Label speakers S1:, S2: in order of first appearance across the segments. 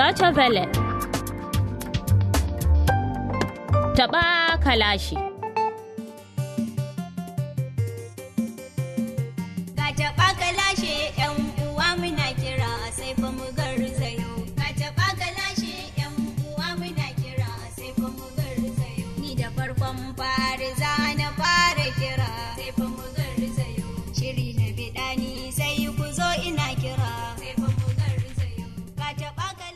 S1: Deutsche Welle. Taɓa kalashi.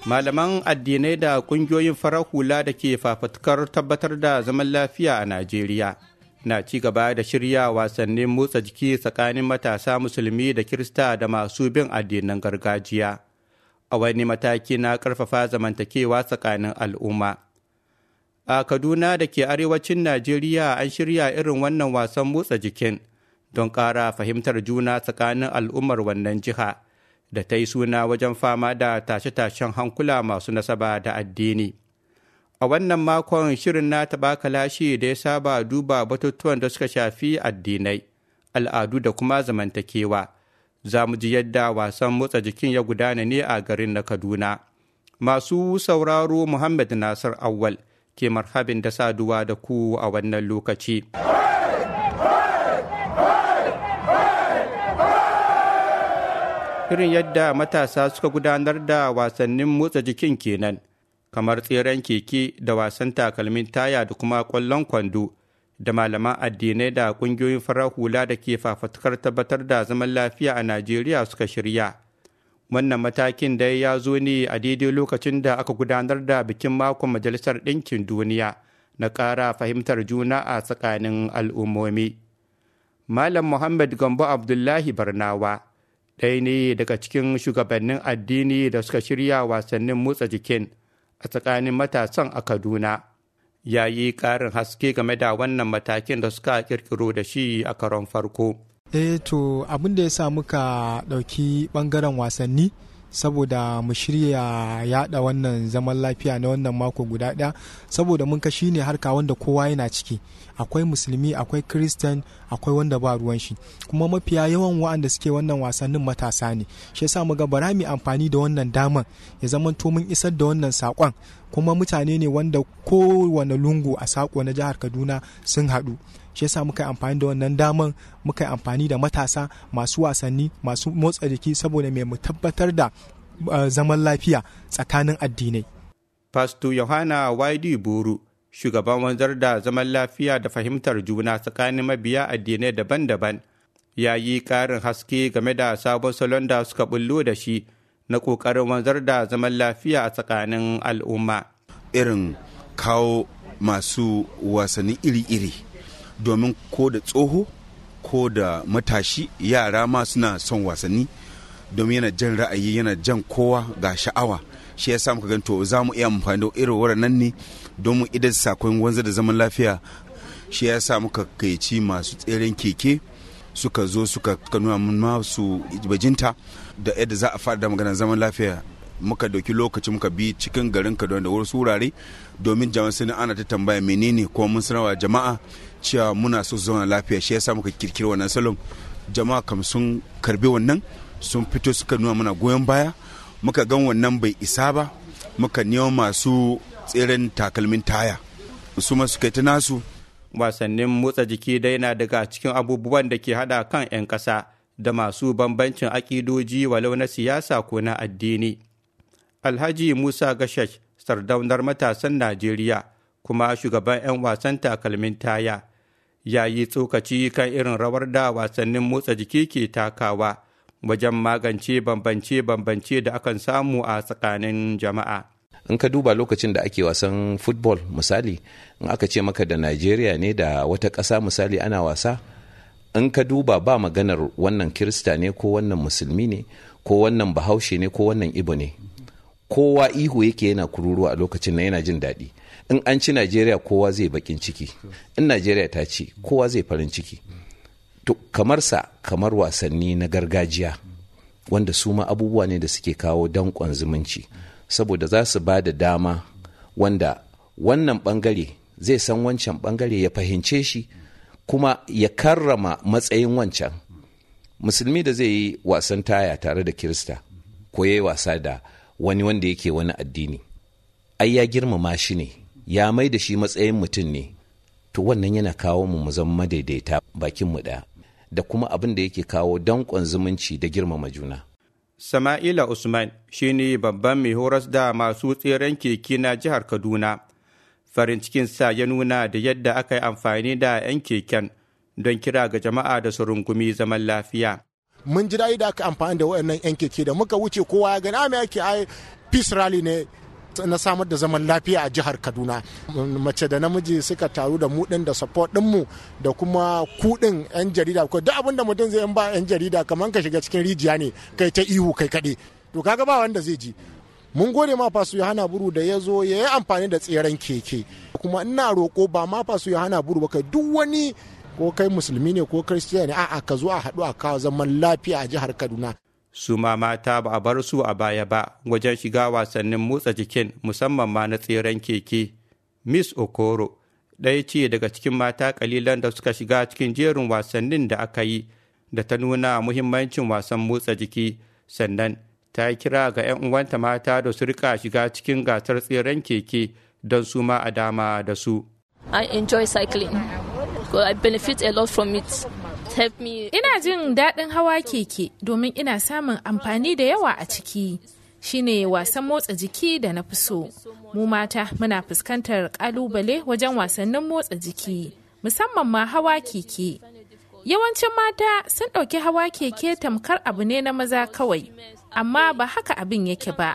S2: malaman addinai da kungiyoyin farar hula da ke fafatukar tabbatar da zaman lafiya a najeriya na ci gaba da shirya wasannin motsa jiki tsakanin matasa musulmi da kirista da masu bin addinan gargajiya a wani mataki na ƙarfafa zamantakewa tsakanin al'umma a kaduna da ke arewacin najeriya an shirya irin wannan wasan motsa jikin don ƙara fahimtar juna tsakanin al'ummar wannan jiha da ta yi suna wajen fama da tashe-tashen hankula masu nasaba da addini. A wannan makon shirin na taɓa kalashi da ya saba duba batutuwan da suka shafi addinai, al'adu da kuma zamantakewa. Za mu ji yadda wasan motsa jikin ya gudana ne a garin na Kaduna. Masu sauraro Muhammad Nasir Awwal ke marhabin da saduwa da ku a wannan lokaci. irin yadda matasa suka gudanar da wasannin motsa jikin kenan kamar tseren keke da wasan takalmin taya da kuma kwallon kwando da malaman addinai da kungiyoyin farar hula da ke fafatakar tabbatar da zaman lafiya a najeriya suka shirya wannan matakin dai ya zo ne a daidai lokacin da aka gudanar da bikin makon majalisar ɗinkin duniya na ƙara fahimtar juna a tsakanin al'ummomi malam muhammad gambo abdullahi barnawa ɗaya ne daga cikin shugabannin addini da suka shirya wasannin motsa jikin a tsakanin matasan a kaduna ya yi ƙarin haske game da wannan matakin da suka ƙirƙiro da shi a karon farko
S3: eh to abin da ya sa muka ɗauki ɓangaren wasanni saboda mu shirya yada wannan zaman lafiya na wannan mako guda ɗaya saboda mun kashi ne harka wanda kowa yana ciki akwai musulmi akwai kristan akwai wanda ba ruwan shi kuma mafiya yawan wa'anda suke wannan wasannin matasa ne shi yasa mu bara mu amfani da wannan daman ya zama to mun isar da wannan sakon kuma mutane ne wanda kowane lungu a sako na jihar kaduna sun haɗu shi yasa muka amfani da wannan daman muka amfani da matasa masu wasanni masu motsa jiki saboda mai mu tabbatar da eh, zaman lafiya tsakanin addinai
S2: Fasto Yohana Waidi Buru shugaban wanzar da zaman lafiya da fahimtar juna tsakanin mabiya addinai daban-daban ya yi ƙarin haske game da sabon salon da suka bullo da shi na ƙoƙarin wanzar da zaman lafiya a tsakanin al'umma.
S3: Irin kawo masu wasanni iri-iri domin ko da tsoho ko da matashi yara ma suna son wasanni domin yana jan ra'ayi yana jan kowa ga sha'awa shi ya samu ka to za mu iya amfani da irin nan ne don mu idan sakon wanzu da zaman lafiya shi ya sa muka kaici masu tseren keke suka zo suka nuna masu bajinta da yadda za a fada magana zaman lafiya muka doki lokaci muka bi cikin garin kaduna da wasu wurare domin jama'a sun ana ta tambaya menene kuma mun sanarwa jama'a cewa muna so zauna lafiya shi yasa muka kirkiri wannan salon jama'a kam sun karbi wannan sun fito suka nuna mana goyon baya muka gan wannan bai isa ba muka neman masu tseren takalmin taya su ma suka yi ta nasu wasannin motsa jiki
S2: dai na daga cikin abubuwan da ke hada kan 'yan kasa da masu bambancin akidoji walau na siyasa ko na addini Alhaji Musa Gashash, sardaunar matasan Najeriya, kuma shugaban 'yan wasan takalmin taya, ya yi tsokaci kan irin rawar da wasannin motsa jiki ke takawa wajen magance
S4: bambance-bambance da akan samu a tsakanin jama'a. in ka duba lokacin da ake wasan football misali in aka ce maka da Najeriya ne da wata ƙasa misali ana wasa in ka duba ba maganar wannan kirista ne ko wannan musulmi ne ko wannan bahaushe ne ko wannan ibo ne kowa ihu yake yana kururuwa a lokacin na yana jin daɗi in an ci najeriya kowa zai bakin ciki in najeriya ta ci kowa zai farin ciki to kamar sa kamar wasanni na gargajiya wanda su ma abubuwa ne da suke kawo danƙon zumunci saboda za su ba da dama wanda wannan bangare zai san wancan bangare ya fahimce shi kuma ya karrama matsayin wancan musulmi da zai yi wasan taya tare da kirista ko ya yi wasa da wani wanda yake wani addini ai ya girmama shi ne ya mai da shi matsayin mutum ne to wannan yana kawo mu mu zama madaidaita bakin mu ɗaya da kuma abin da yake kawo danƙon zumunci da girmama juna.
S2: Sama'ila Usman shi ne babban mai horas da masu tseren keke na jihar Kaduna. Farin cikin sa ya nuna da yadda aka yi amfani da 'yan keken don kira ga jama'a da su rungumi zaman lafiya.
S3: mun ji daɗi da aka amfani da waɗannan yan keke da muka wuce kowa ya gani amma ah, yake ai peace rally ne na samar da zaman lafiya a jihar kaduna mace da namiji suka taru da mu din da support dinmu da kuma kuɗin yan jarida ko duk abin da mutum zai ba yan jarida kamar ka shiga cikin rijiya ne kai ta ihu kai kaɗe to kaga ba wanda zai ji mun gode ma fasu yohana buru da ya zo ya yi amfani da tseren keke kuma ina roko ba ma fasu yohana buru ba kai duk wani ko kai musulmi ne ko kristiya ne a'a ka zo a haɗu a kawo zaman lafiya a jihar kaduna su
S2: ma mata ba a bar su a baya ba wajen shiga wasannin motsa jikin musamman ma na tseren keke miss okoro ɗaya ce daga cikin mata kalilan da suka shiga cikin jerin wasannin da aka yi da ta nuna muhimmancin wasan motsa jiki sannan ta yi kira ga 'yan uwanta mata da su rika shiga cikin gasar tseren keke don su ma a dama da su.
S1: I enjoy cycling. I benefit
S4: a lot from it. Ina jin daɗin hawa keke domin ina samun amfani da yawa a ciki. shine wasan motsa jiki da na fi so. Mu mata muna fuskantar ƙalubale wajen wasannin motsa jiki, musamman ma hawa keke. Yawancin mata sun ɗauki hawa keke tamkar abu ne na maza kawai, amma ba haka abin yake ba.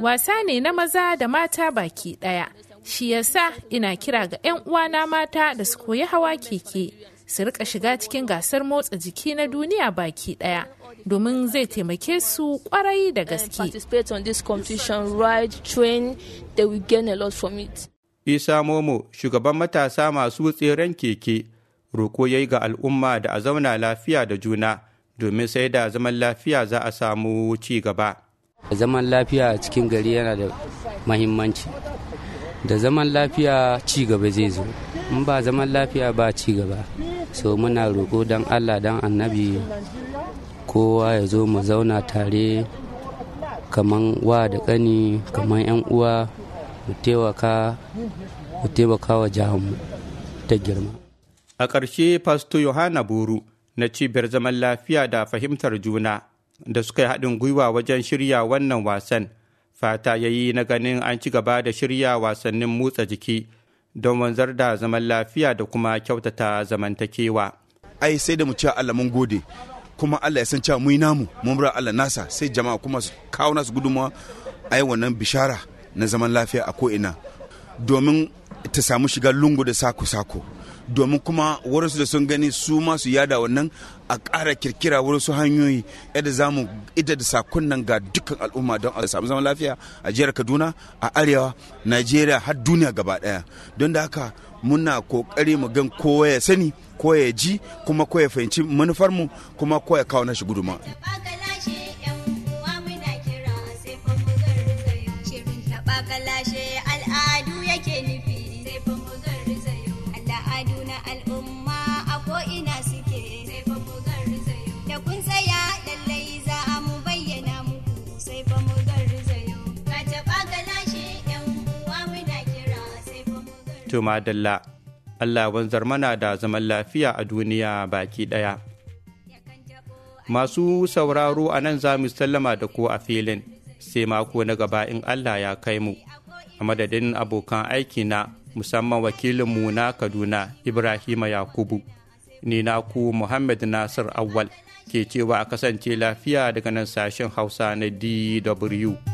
S4: Wasa ne na maza da mata baki ɗaya. Shi yasa ina kira ga 'yan uwana mata da su koyi hawa keke, su rika shiga cikin gasar motsa jiki na duniya baki daya domin zai taimake su kwarai da gaske.
S2: Isa Momo, shugaban matasa masu tseren keke, roko ya yi ga al'umma da a zauna lafiya da juna domin sai da zaman lafiya za a samu ci gaba. Zaman lafiya a cikin gari yana da mahimmanci. da zaman lafiya ci gaba zai zo in ba zaman lafiya ba ci gaba so muna roƙo don allah don annabi kowa ya zo mu zauna tare kaman wa da ƙani kaman 'yan uwa mu taimaka wa jihanmu ta girma a ƙarshe fasto yohana buru na cibiyar zaman lafiya da fahimtar juna da suka yi haɗin gwiwa wajen shirya wannan wasan fata ya yi na ganin an ci gaba da shirya wasannin motsa jiki don wanzar da zaman lafiya da kuma kyautata zamantakewa.
S3: Ai sai da mu ci Allah mun gode kuma Allah ya san cewa mun namu mun bura Allah nasa sai jama'a kuma su kawo nasu gudunmawa a yi wannan bishara na zaman lafiya a ko'ina domin ta samu shiga lungu da sako-sako. domin kuma wurinsu da sun gani su masu yada wannan a ƙara kirkira wurinsu hanyoyi yadda za mu ida da sakunan ga dukkan al'umma don a samu zaman lafiya a jihar kaduna a arewa najeriya har duniya gaba ɗaya don da haka muna kokari mu gan kowa ya sani ko ya ji kuma ko ya fahimci manufarmu kuma ko ya kawo nashi guduma.
S2: To madalla, Allah wanzar mana da zaman lafiya a duniya baki ɗaya. Masu sauraro a nan za mu sallama da ko a filin, sai mako na gaba in Allah ya kai mu, a madadin abokan aiki na musamman wakilinmu na Kaduna Ibrahima Yakubu, ni ku Muhammad Nasir Awal. ke cewa a kasance lafiya daga nan sashen hausa na dw